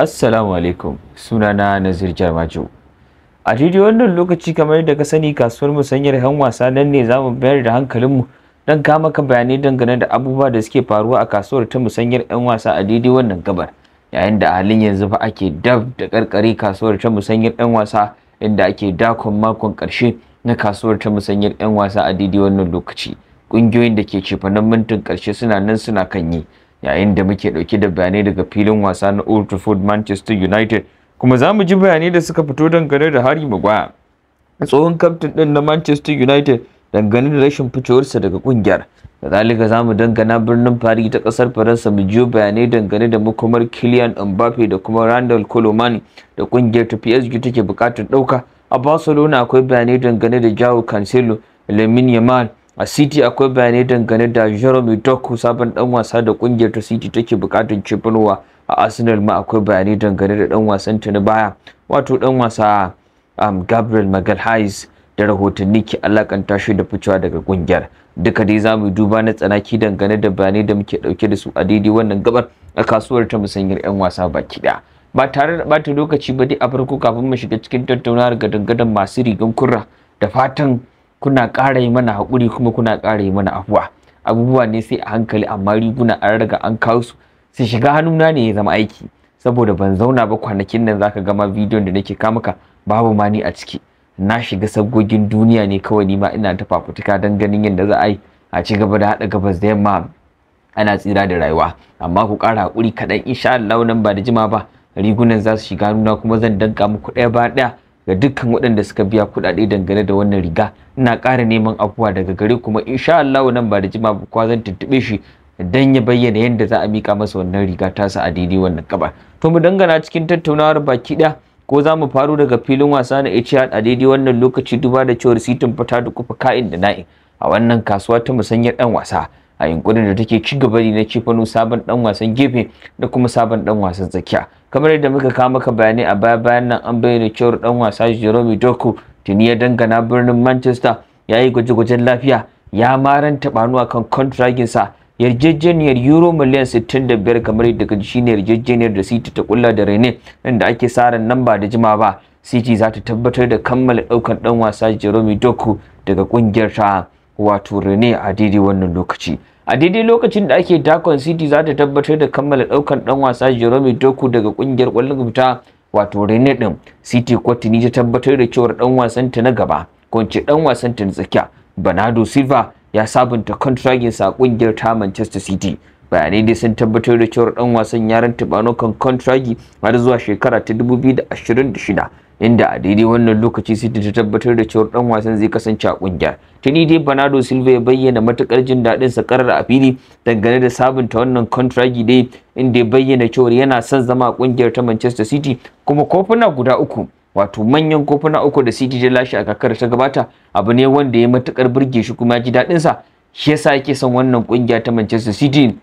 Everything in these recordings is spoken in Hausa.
Assalamu alaikum sunana Nazir Jarmajo. A daidai wannan lokaci kamar yadda ka sani kasuwar musanyar yan wasa nan ne za mu bayar da hankalinmu don kama maka bayanai dangane da abubuwa da suke faruwa a kasuwar ta musanyar yan wasa a daidai wannan gabar. Yayin da a halin yanzu fa ake dab da karkare kasuwar ta musanyar yan wasa inda ake dakon makon karshe na kasuwar ta musanyar yan wasa a daidai wannan lokaci. Ƙungiyoyin da ke cefanen mintin karshe suna nan suna kan yi. yayin da muke ɗauke da bayanai daga filin wasa na Old Trafford Manchester United kuma za mu ji bayanai da suka fito dangane da Harry Maguire tsohon kaftin ɗin na Manchester United dangane da rashin fitowarsa daga kungiyar da zaliga za mu dangana birnin Paris ta kasar Faransa mu ji bayanai dangane da makomar Kylian Mbappe da kuma Randall Colomani da kungiyar ta PSG take buƙatar ɗauka a Barcelona akwai bayanai dangane da Joao Cancelo Lamine Yamal a city akwai bayanai dangane da jerome doku sabon dan wasa da kungiyar ta city take bukatun cifinowa a arsenal ma akwai bayanai dangane da dan wasan ta na baya wato dan wasa um, gabriel magalhaes da rahotanni ke alakanta shi da ficewa daga kungiyar duka dai za mu duba na tsanaki dangane da bayanai da muke dauke da su a daidai wannan gabar a kasuwar ta musanyar yan wasa baki daya ba tare da bata lokaci ba dai a farko kafin mu shiga cikin tattaunawar gadangadan masu rigan kurra da fatan kuna ƙara yi mana haƙuri kuma kuna ƙara yi mana afuwa abubuwa ne sai a hankali amma riguna an riga an kawo su su shiga hannuna ne ya zama aiki saboda ban zauna ba kwanakin nan zaka gama bidiyon da nake maka babu ma ni a ciki na shiga sagogin duniya ne kawai nima ina ta fafutuka don ganin yadda za a yi a ci gaba da haɗa gabas da yamma ana tsira da rayuwa amma ku ƙara haƙuri kaɗan insha Allah nan ba da jima ba rigunan za su shiga hannuna kuma zan danka muku ɗaya ba ɗaya ga dukkan waɗanda suka biya kuɗaɗe dangane da wannan riga ina ƙara neman afuwa daga gare kuma insha Allah nan ba da jima ba kwa zan tuntuɓe shi dan ya bayyana yadda za a mika masa wannan riga tasa a daidai wannan kaba to mu dangana cikin tattaunawar baki ɗaya ko za mu faru daga filin wasa na Etihad a daidai wannan lokaci duba da cewar sitin fata da kufa ka'in da na'in a wannan kasuwa ta musanyar ɗan wasa a yunkurin da take ci gaba na cifano sabon dan wasan gefe da kuma sabon dan wasan tsakiya kamar yadda muka kawo maka bayanai a baya bayan nan an bayyana cewar dan wasa Jerome Doku tuni ya dangana birnin Manchester ya yi gwaje-gwajen lafiya ya maranta kan akan sa yarjejeniyar euro miliyan 65 kamar yadda kaji shine yarjejeniyar da City ta kulla da Rene inda ake saran nan ba da jima ba City za ta tabbatar da kammala daukan ɗan wasa Jerome Doku daga kungiyar ta wato Rene a daidai wannan lokaci a daidai lokacin da ake dakon city za ta tabbatar da kammala daukan dan wasa jerome doku daga kungiyar kwallon gubta wato rene din city tuni ta tabbatar da cewar dan wasan ta na gaba ko dan wasan ta na tsakiya bernardo silva ya sabunta kontragin sa kungiyar ta manchester city bayanai dai sun tabbatar da cewar dan wasan ya rantaba kan kontragi har zuwa shekara ta 2026 inda a daidai wannan lokaci City ta tabbatar da cewa dan wasan zai kasance a kungiya. Tuni dai Bernardo Silva ya bayyana matukar jin daɗin sa karar a fili dangane da sabunta wannan contract dai inda ya bayyana cewa yana son zama a kungiyar ta Manchester City kuma kofuna guda uku wato manyan kofuna uku da City ta lashe a kakar ta gabata abu ne wanda ya matukar burge shi kuma ji daɗin sa shi yasa yake son wannan kungiya ta Manchester City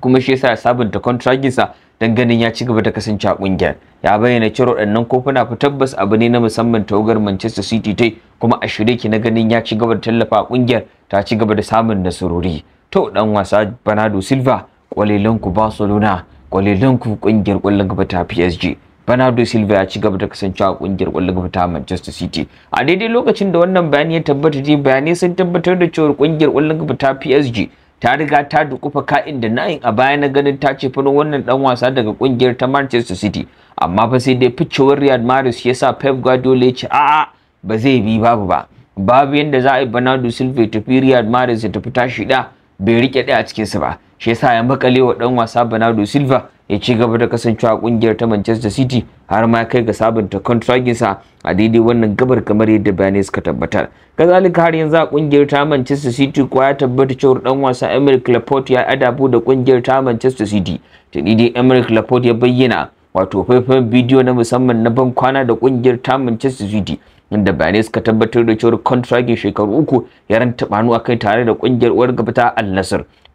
kuma shi yasa sabunta contract sa Dan ganin ya ci gaba da kasance a kungiyar ya bayyana cewa waɗannan kofuna fa tabbas abu ne na musamman tawagar Manchester City tai kuma a shirye ki na ganin ya ci gaba da tallafa kungiyar ta ci gaba da samun nasarori to dan wasa Bernardo Silva kwalilan ku Barcelona kwalilan ku kungiyar kwallon gaba ta PSG Bernardo Silva ya ci gaba da kasancewa kungiyar kwallon gaba ta Manchester City. A daidai lokacin da wannan bayani ya tabbata je bayanai sun tabbatar da cewa kungiyar kwallon gaba ta PSG ta riga ta dukufa ka'in da na'in a baya na ganin ta ce fano wannan dan wasa daga kungiyar ta Manchester City amma fa sai dai ficewar Riyad Mahrez ya sa Pep Guardiola ya ce a'a ba zai bi babu ba babu yanda za a yi Bernardo Silva ya tafi Riyad Mahrez ya tafi tashi da bai rike ɗaya a cikinsa ba shi yasa ya makale wa dan wasa Bernardo Silva ya ci gaba da kasancewa kungiyar ta Manchester City har ma kai ga sabunta kontraginsa a daidai wannan gabar kamar yadda bayanai suka tabbatar. Kazalika har yanzu a kungiyar ta Manchester City kuwa ya tabbata cewa dan wasa Emerick Laporte ya adabu da kungiyar ta Manchester City. Ta daidai Emerick Laporte ya bayyana wato faifan bidiyo na musamman na ban kwana da kungiyar ta Manchester City inda bayanai suka tabbatar da cewar kontragin shekaru uku ya ranta banu a kai tare da kungiyar uwar gaba ta al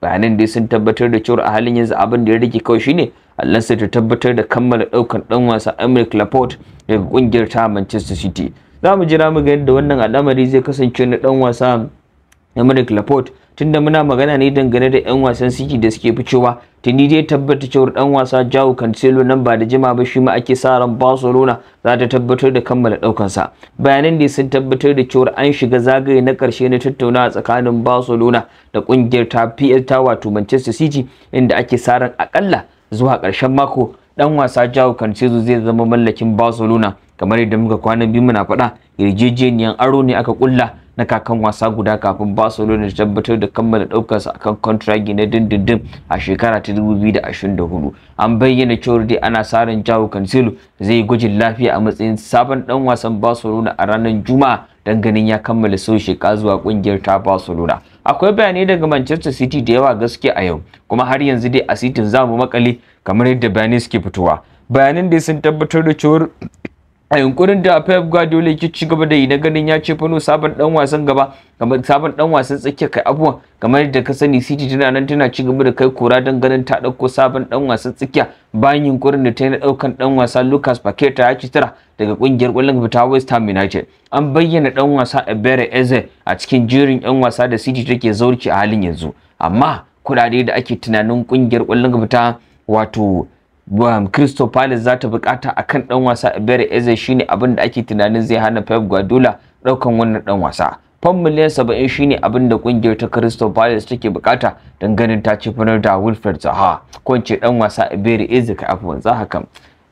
bayanan dai sun tabbatar da cewar a halin yanzu abin da ya rage kawai shine al ta tabbatar da kammala daukan dan wasa Emerick Laporte daga kungiyar ta Manchester City za mu jira mu ga yadda wannan al'amari zai kasance na dan wasa Emerick Laporte tunda muna magana ne dangane da 'yan wasan City da suke ficewa tuni dai tabbata cewar dan wasa Jao Cancelo nan ba da jima ba shi ma ake sa ran Barcelona za ta tabbatar da kammala daukan sa bayanan da sun tabbatar da cewar an shiga zagaye na karshe na tattaunawa tsakanin Barcelona da kungiyar ta PL ta wato Manchester City inda ake sa ran akalla zuwa karshen mako dan wasa Jao Cancelo zai zama mallakin Barcelona kamar yadda muka kwana biyu muna faɗa yarjejeniyan aro ne aka kulla na kakan wasa guda kafin Barcelona ta tabbatar da kammala sa akan contract na dindindin a shekara ta 2024. An bayyana cewar dai ana sa ran Cancelo zai gwajin lafiya a matsayin sabon dan wasan Barcelona a ranar Juma'a dan ganin ya kammala sheka zuwa kungiyar ta Barcelona. Akwai bayanai daga Manchester City da yawa gaskiya a yau, kuma har yanzu dai a City za mu makale kamar yadda bayanai suke fitowa. Bayanan dai sun tabbatar da cewa a yunkurin da Pep Guardiola yake ci gaba da yi na ganin ya ce fano sabon dan wasan gaba kamar sabon dan wasan tsakiya kai abuwa kamar da ka sani City tana nan tana ci gaba da kai kora dan ganin ta dauko sabon dan wasan tsakiya bayan yunkurin da ta yi na daukan dan wasa Lucas Paqueta ya ci tara daga kungiyar kwallon fita West Ham United an bayyana dan wasa Ebere Eze a cikin jerin yan wasa da City take zaurki a halin yanzu amma kudade da ake tunanin kungiyar kwallon fita wato Crystal Palace za ta bukata akan dan wasa Ibere Eze shine abin da ake tunanin zai hana Pep Guardiola daukan wannan dan wasa. Fan miliyan 70 shine abin da kungiyar ta Crystal Palace take bukata don ganin ta ci fanar da Wilfred Zaha. Ko in ce dan wasa Ibere Eze ka afwan Zaha kam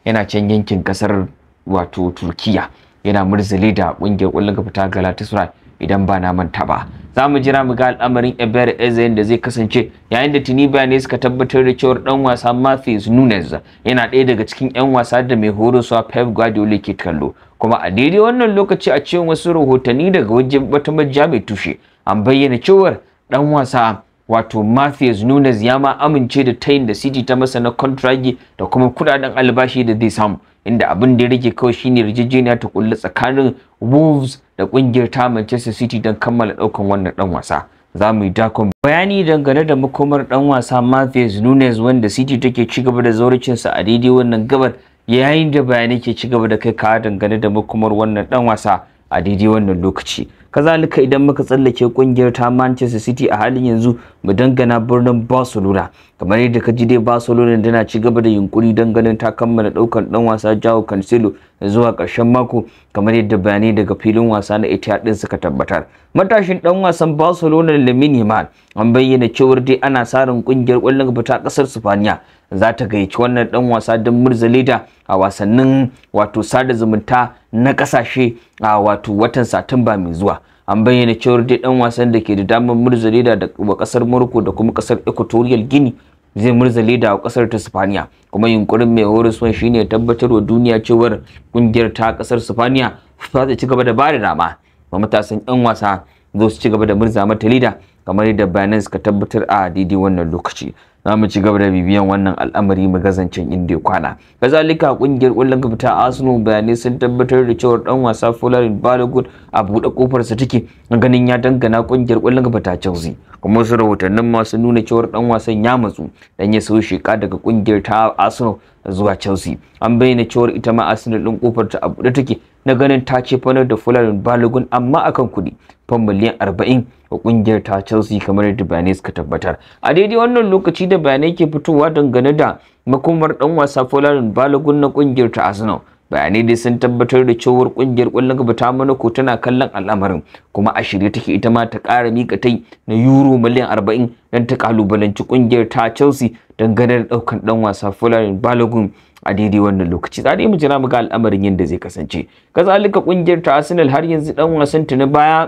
yana can yankin kasar wato Turkiya yana murzali da kungiyar kwallon kafa ta Galatasaray idan ba na manta ba za mu jira mu ga al'amarin ebere eze da zai kasance yayin da tuni bayanai suka tabbatar da cewar dan wasa mathis Nunes yana ɗaya daga cikin 'yan wasa da mai horoswa Pep Guardiola ke kallo kuma a daidai wannan lokaci a cikin wasu rahotanni daga wajen wata majiya mai tushe an bayyana cewar dan wasa wato Matthews Nunes ya ma amince da tayin da City ta masa na kontragi da kuma kudaden albashi da zai samu inda abin da ya rage kawai shine rijijiniya ta kulle tsakanin Wolves da kungiyar ta Manchester City don kammala daukan wannan dan wasa za mu yi dakon bayani dangane da makomar dan wasa Matthews Nunes wanda City take ci gaba da sa a daidai wannan gabar yayin da bayanai ke ci gaba da kai kawo dangane da makomar wannan dan wasa a daidai wannan lokaci kazalika idan muka tsallake kungiyar ta Manchester City a halin yanzu mu dangana birnin Barcelona kamar yadda ka ji dai Barcelona tana ci gaba da yunkuri don ganin ta kammala daukan dan wasa Joao Cancelo zuwa ƙarshen mako kamar yadda bayanai daga filin wasa na Etihad din suka tabbatar matashin dan wasan Barcelona Lamine Yamal an bayyana cewar dai ana sarin kungiyar kwallon gaba ta kasar Spaniya za ta gayyaci wannan dan wasa don murzaleda a wasannin wato sada zumunta na kasashe a wato watan Satumba mai zuwa an bayyana cewar dai dan wasan da ke da damar murza leda da wa kasar Morocco da kuma kasar Equatorial Guinea zai murza leda a kasar ta Spania kuma yunkurin mai horaswan shine tabbatar wa duniya cewar kungiyar ta kasar Spania za ta ci gaba da bada dama ga matasan yan wasa zo su ci gaba da murza mata lida kamar yadda Binance ka tabbatar a daidai wannan lokaci za mu ci gaba da bibiyan wannan al'amari mu gazancen inda ya kwana kazalika kungiyar kullun gabata ta Arsenal bayanai sun tabbatar da cewa dan wasa Fulani Balogun a buɗe kofar sa take ganin ya dangana kungiyar kullun gabata Chelsea kuma su rahotannin masu nuna cewa dan wasan ya matsu dan ya sau sheka daga kungiyar ta Arsenal zuwa Chelsea an bayyana cewar ita ma Arsenal din kofar ta abu da take na ganin ta ce fanar da Fulham Balogun amma akan kuɗi fan miliyan 40 wa kungiyar ta Chelsea kamar yadda bayanai suka tabbatar a daidai wannan lokaci da bayanai ke fitowa dangane da makomar dan wasa Fulham Balogun na kungiyar ta Arsenal bayanai dai sun tabbatar da cewar kungiyar kwallon kafa ta Monaco tana kallon al'amarin kuma a shirye take ita ma ta ƙara mika tai na euro miliyan 40 don ta kalubalanci kungiyar ta Chelsea dangane da daukan ɗan wasa Fulani Balogun a daidai wannan lokaci za mu jira mu ga al'amarin yadda zai kasance kazalika kungiyar ta Arsenal har yanzu ɗan wasan ta na baya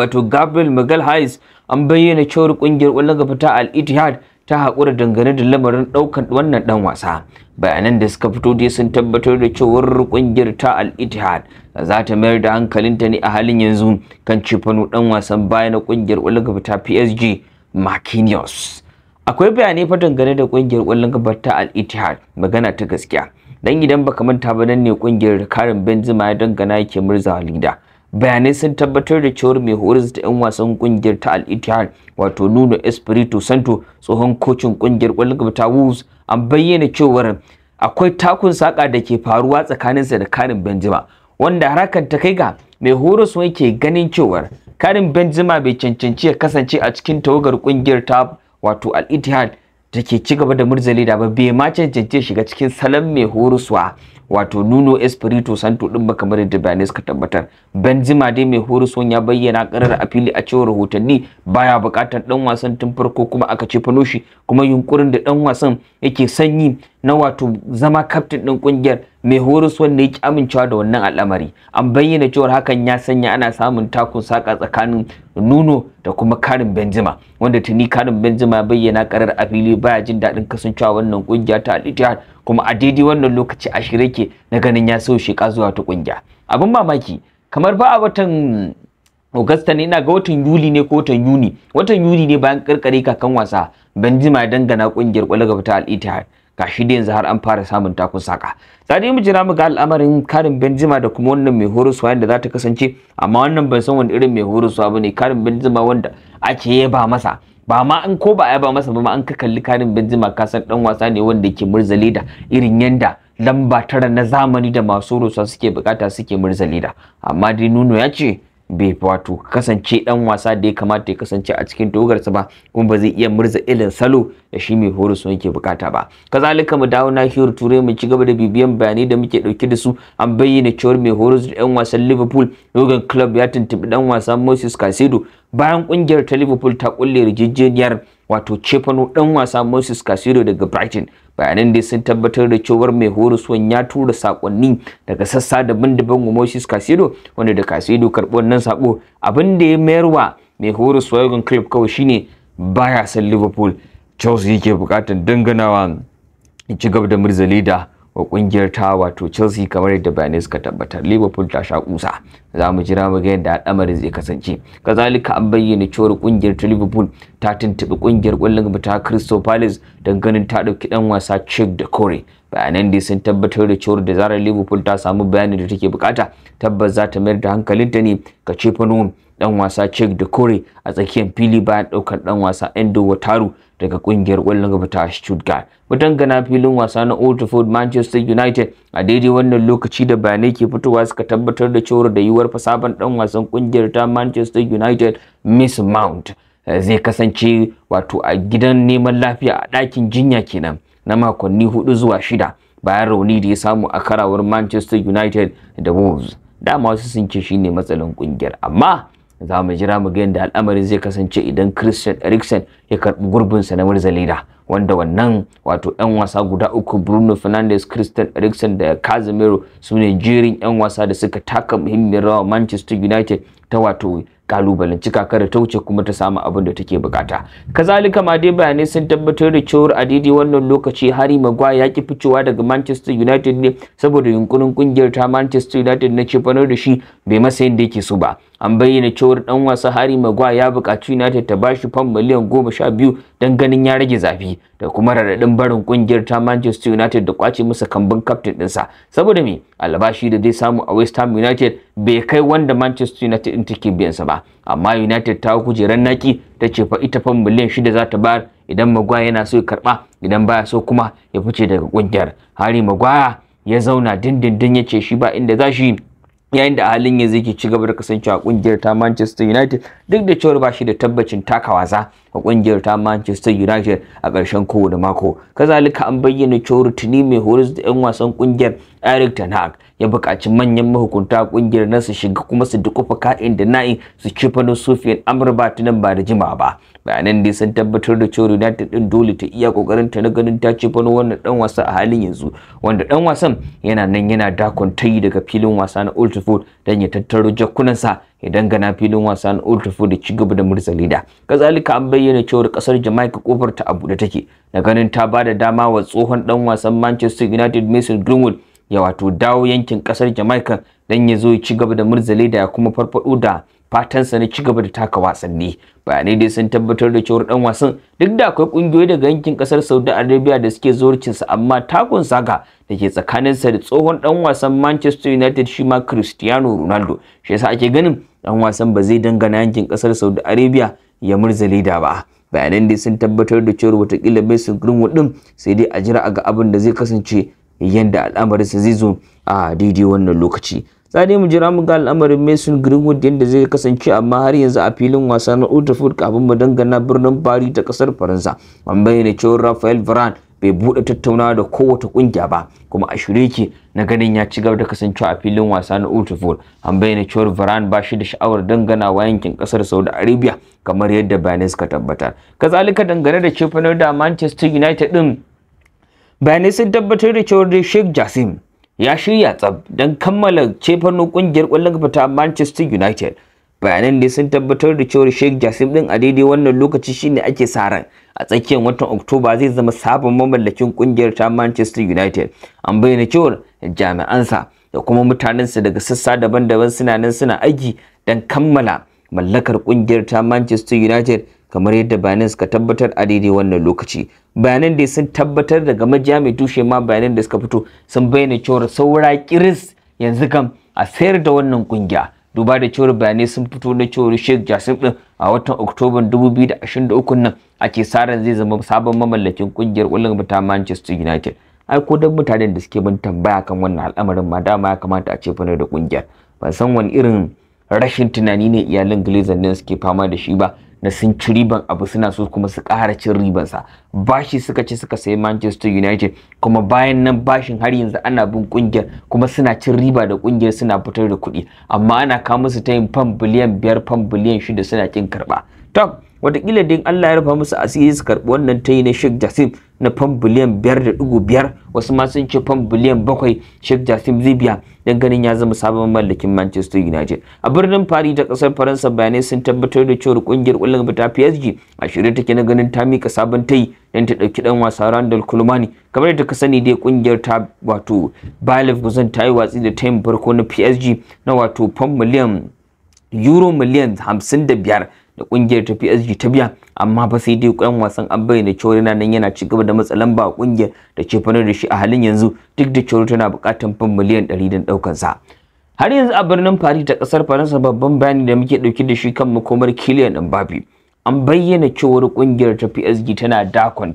wato Gabriel Magalhaes an bayyana cewar kungiyar kwallon kafa ta Al Ittihad ta haƙura dangane da lamarin ɗaukar wannan ɗan wasa bayanan da suka fito dai sun tabbatar da cewar ƙungiyar ta al-ittihad za ta mayar da hankalinta ne a halin yanzu kan cefano ɗan wasan baya na ƙungiyar ƙwallon ta psg marquinhos akwai bayanai fa dangane da ƙungiyar ƙwallon gaba ta al-ittihad magana ta gaskiya dan idan baka manta ba nan ne ƙungiyar karin benzema ya dangana yake murza halida bayanai sun tabbatar da cewar mai horis da 'yan wasan kungiyar ta al-ittihad wato nuno espirito santo tsohon kocin kungiyar kwallon gaba ta wolves an bayyana cewar akwai takun saka da ke faruwa tsakaninsa da karin benzema wanda harakan ta kai ga mai horis ke ganin cewar karin benzema bai cancanci ya kasance a cikin tawagar kungiyar ta wato al-ittihad da ke ci gaba da murzali da ba bai ma cancanci shiga cikin salon mai horiswa. wato nuno espirito santo din ba kamar yadda bayanai suka tabbatar benzema dai mai horison ya bayyana karar a fili a cewar rahotanni baya bukatar dan wasan tun farko kuma aka ce fano shi kuma yunkurin da dan wasan yake sanyi na wato zama kaftin din kungiyar mai horison ne ya amincewa da wannan al'amari an bayyana cewar hakan ya sanya ana samun takun saka tsakanin nuno da kuma karin benzema wanda tuni karin benzema ya bayyana karar a fili baya jin daɗin kasancewa wannan kungiya ta alitihad kuma a daidai wannan lokaci a shirye yake na ganin ya so shi zuwa ta kungiya abin mamaki kamar ba a watan Augusta ne ina ga watan Yuli ne ko watan Yuni watan Yuli ne bayan karkare kakan wasa Benzema dangana kungiyar kwalaba ta Al Ittihad gashi da yanzu har an fara samun takun saka sai mu jira mu ga al'amarin karin Benzema da kuma wannan mai suwa yadda za ta kasance amma wannan ban san wani irin mai suwa bane karin Benzema wanda ake yaba masa ba ma an ko ba a yaba masa ba ma an ka kalli karin Benzema kasan san dan wasa ne wanda yake murzali da irin yanda lamba tara na zamani da masu rusa suke bukata suke murzali da amma dai nuno ya ce bai wato kasance dan wasa da ya kamata ya kasance a cikin dogarsa ba kuma ba zai iya murza ilin salo da shi mai horus yake bukata ba kazalika mu dawo na hiyar turai mu ci gaba da bibiyan bayanai da muke dauke da su an bayyana cewar mai horus da yan wasan liverpool logan club ya tuntubi dan wasan moses casedo bayan kungiyar ta liverpool ta kulle rijijjeniyar wato cefano dan wasa Moses Casiro daga Brighton bayanan dai sun tabbatar da cewar mai horaswan ya tura sakonni daga sassa daban-daban wa Moses Casiro wanda da Casiro karɓi nan sako abin da ya wa mai horaswa Jurgen Klopp kawai shine baya san Liverpool Chelsea yake bukatar danganawa ci gaba da murzali da wa kungiyar ta wato Chelsea kamar yadda bayanai suka tabbatar Liverpool ta sha kusa za mu jira mu ga yadda al'amarin zai kasance kazalika an bayyana cewa kungiyar ta Liverpool ta tuntubi kungiyar kwallon gaba ta Crystal Palace don ganin ta dauki dan wasa Cheick da Kore bayanan dai sun tabbatar da cewa da zarar Liverpool ta samu bayanin da take bukata tabbas za ta mayar da hankalinta ne ga Chepnum dan wasa Chek da Kore a tsakiyar fili bayan daukar dan wasa Endo Wataru daga kungiyar kwallon gaba ta Stuttgart. gana filin wasa na Old Trafford Manchester United a daidai wannan lokaci da bayanai ke fitowa suka tabbatar da cewar da yiwuwar fasaban dan wasan kungiyar ta Manchester United Miss Mount eh, zai kasance wato a gidan neman lafiya a ɗakin jinya kenan na makonni hudu zuwa shida bayan rauni da ya samu a karawar Manchester United da Wolves. Dama wasu sun ce shine matsalin kungiyar amma za mu jira mu ga yadda al'amarin zai kasance idan Christian Eriksen ya karbi gurbinsa na Murzalida wanda wannan wato 'yan wasa guda uku Bruno Fernandes, Christian Eriksen da Casemiro su ne jerin 'yan wasa da suka taka muhimmiyar rawa Manchester United ta wato kalubalanci kakar ta wuce kuma ta samu abin da take bukata kazalika ma dai bayanai sun tabbatar da cewar a daidai wannan lokaci hari magwa ya ki ficewa daga manchester united ne saboda yunkurin kungiyar ta manchester united na cefanar da shi bai masa yadda yake so ba an bayyana cewar dan wasa Harry Maguire ya buƙaci United ta bashi fam miliyan goma sha biyu don ganin ya rage zafi da kuma raɗaɗin barin ƙungiyar ta Manchester United da kwace masa kambun captain ɗinsa saboda me albashi da zai samu a West Ham United bai kai wanda Manchester United din take sa ba amma United ta kujerar naki ta ce fa ita fam miliyan shida za ta bayar idan Maguire yana so ya karɓa idan baya so kuma ya fice daga ƙungiyar Harry Maguire ya zauna dindindin ya ce shi ba inda za shi yayin da halin yanzu yake ci gaba da kasancewa kungiyar ta Manchester United duk da cewa ba shi da tabbacin taka wasa a kungiyar ta Manchester United a ƙarshen kowane mako kazalika an bayyana cewa rutuni mai horis da 'yan wasan kungiyar Eric Ten Hag ya buƙaci manyan mahukunta ƙungiyar nan su shiga kuma su dukufa ka'in da na'in su ci fannin sufiyan amurba nan ba da jima ba bayanan dai sun tabbatar da cewa united din dole ta iya kokarin ta na ganin ta ci fannin wannan dan wasa a halin yanzu wanda dan wasan yana nan yana dakon tayi daga filin wasa na old trafford dan ya tattaro jakunansa ya dangana filin wasa na Old Trafford da ci gaba da murza leda. Kazalika an bayyana cewar kasar Jamaica kofar ta abu da take. Na ganin ta bada dama wa tsohon dan wasan Manchester United Mason Greenwood ya wato dawo yankin kasar Jamaica dan ya zo ya ci gaba da murzale da kuma farfado da fatansa na ci gaba da taka wasanni bayanai dai sun tabbatar da cewar dan wasan duk da akwai kungiyoyi daga yankin kasar Saudi Arabia da suke sa amma takun saga da ke sa da tsohon dan wasan Manchester United shi ma Cristiano Ronaldo shi yasa ake ganin dan wasan ba zai dangana yankin kasar Saudi Arabia ya murzale da ba bayanan dai sun tabbatar da cewar watakila Mason Greenwood din sai dai a jira a ga abin da zai kasance yadda al'amarinsa zai zo a daidai wannan lokaci za mu jira mu ga al'amarin Mason Greenwood yadda zai kasance amma har yanzu a filin wasa na Old Trafford kafin mu dangana birnin Paris ta kasar Faransa an bayyana cewa Rafael Varane bai bude tattaunawa da kowace kungiya ba kuma a shirye yake na ganin ya ci gaba da kasancewa a filin wasa na Old Trafford an bayyana cewa Varane ba shi da sha'awar danganawa yankin kasar Saudi Arabia kamar yadda bayanai suka tabbatar kazalika dangane da cefanar da Manchester United din bayanai sun tabbatar da cewar Sheikh Jassim ya shirya tsab don kammala cefano kungiyar ƙwallon fita Manchester United. Bayanan ne sun tabbatar da cewar Sheikh Jassim din a daidai wannan lokaci shine ake sa ran a tsakiyar watan Oktoba zai zama sabon mamallakin kungiyar ta Manchester United. An bayyana cewar jami'ansa da kuma mutanensa daga sassa daban-daban suna nan suna aiki don kammala mallakar kungiyar ta Manchester United kamar yadda bayanan suka tabbatar a daidai wannan lokaci bayanan da sun tabbatar daga majiya mai tushe ma bayanan da suka fito sun bayyana cewar saura kiris yanzu kam a sayar da wannan kungiya duba da cewar bayanai sun fito na cewar Sheikh Jasim din a watan oktoba 2023 nan ake saran zai zama sabon mamallakin kungiyar kwallon ta Manchester United ai ko dan mutanen da suke bin tambaya kan wannan al'amarin ma dama ya kamata a ce fa da kungiyar ban san wani irin rashin tunani ne iyalin Glazer ne suke fama da shi ba na sun ci riban abu suna so kuma su ƙara cin ribansa bashi suka ci suka sayi Manchester United kuma bayan nan bashin har yanzu ana bin ƙungiyar, kuma suna cin riba da kungiyar suna fitar da kuɗi amma ana kawo musu yin fan biliyan biyar fan biliyan shida suna kin karɓa to wataƙila din Allah ya rufa musu asiri su karɓi wannan tayi na Sheikh Jassim na fan biliyan biyar da ɗigo biyar wasu ma sun fam fan biliyan bakwai Sheikh Jassim zai don ganin ya zama sabon mallakin Manchester United. A birnin Paris ta kasar Faransa bayanai sun tabbatar da cewar kungiyar ƙwallon ta PSG a shirye take na ganin ta mika sabon tai, don ta ɗauki ɗan wasa Randall Colomani. Kamar da ka sani dai kungiyar ta wato Bayer Leverkusen ta yi watsi da tayin farko na PSG na wato fam miliyan euro miliyan 55 da kungiyar ta PSG ta biya amma fa sai dai ƙwan wasan an bayyana cewa yana nan yana ci gaba da matsa lamba kungiyar da ce fanar da shi a halin yanzu duk da cewa tana buƙatar fan miliyan 100 don ɗaukar sa har yanzu a birnin Paris ta kasar Faransa babban bayani da muke ɗauki da shi kan makomar Kylian Mbappe an bayyana cewar kungiyar ta PSG tana dakon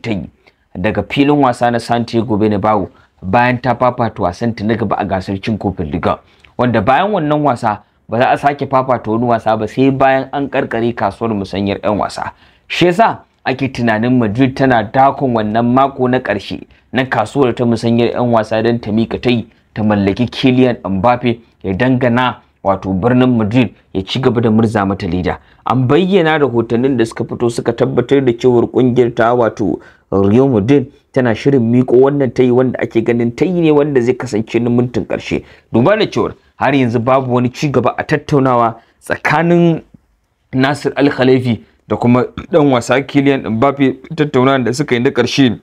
daga filin wasa na Santiago Bernabeu bayan ta fafata wasan ta na gaba a gasar cin kofin liga wanda bayan wannan wasa ba za a sake fafata wani wasa ba sai bayan an karkare kasuwar musanyar 'yan wasa shi yasa ake tunanin madrid tana dakon wannan mako na ƙarshe na kasuwar ta musanyar 'yan wasa don ta mika ta yi ta mallaki Kylian mbappe ya dangana wato birnin madrid ya ci gaba da murza mata leda an bayyana rahotannin da suka fito suka tabbatar da cewar kungiyar ta wato real madrid tana shirin miko wannan tayi wanda ake ganin tayi ne wanda zai kasance na mintin karshe duba da cewar har yanzu babu wani ci gaba a tattaunawa tsakanin nasir al-khalifi da kuma dan wasa Kylian Mbappe tattaunawa da suka yi na ƙarshe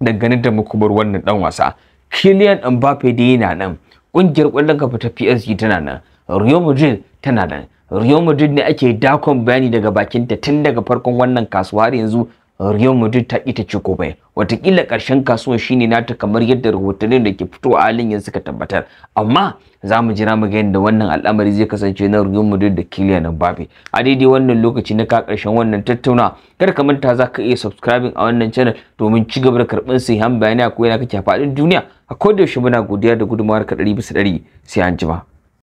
dangane da makubar wannan dan wasa Kylian Mbappe da yana nan ƙungiyar ƙwallon kafa ta PSG tana nan Real Madrid tana nan Real Madrid ne ake dakon bayani daga bakinta tun daga farkon wannan kasuwa har yanzu Real Madrid ta ita ce ko wata watakila ƙarshen kasuwar shine nata kamar yadda rahotannin da ke fito a halin yanzu suka tabbatar amma za mu jira mu ga yadda wannan al'amari zai kasance na Real Madrid da Kylian Mbappe a daidai wannan lokaci na ka ƙarshen wannan tattauna kar ka manta za ka iya subscribing a wannan channel domin ci gaba da karɓar sahihan bayanai a koyana kake faɗin duniya a kodayaushe muna godiya da gudunmawar ka ɗari bisa ɗari sai an jima.